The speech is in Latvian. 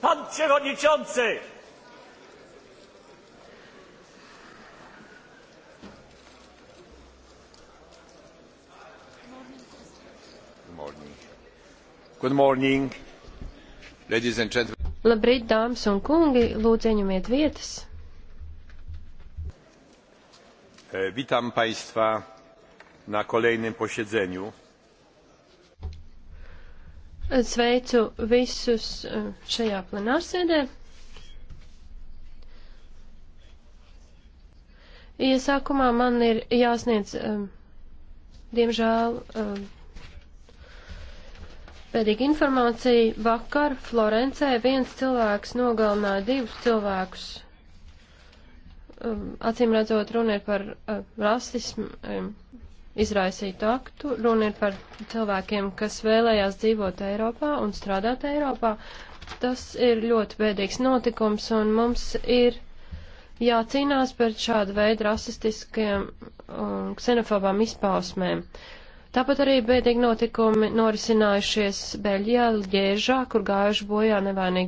Pan Przewodniczący! Good morning. Good morning, ladies and gentlemen. Labrīt, dāmas un kungi, lūdzu ieņemiet vietas. E, witam Państwa na kolejnym posiedzeniu. Sveicu visus eh, šajā plenārsēdē. Iesākumā man ir jāsniedz, eh, diemžēl, pēdīgi eh, informācija. Vakar Florencē viens cilvēks nogalināja divus cilvēkus. Acīm redzot, runa ir par rasismu izraisītu aktu. Runa ir par cilvēkiem, kas vēlējās dzīvot Eiropā un strādāt Eiropā. Tas ir ļoti bēdīgs notikums, un mums ir jācīnās par šādu veidu rasistiskiem un ksenofobām izpausmēm. Tāpat arī bēdīgi notikumi norisinājušies Beļģijā, Lģēžā, kur gājuši bojā nevainīgi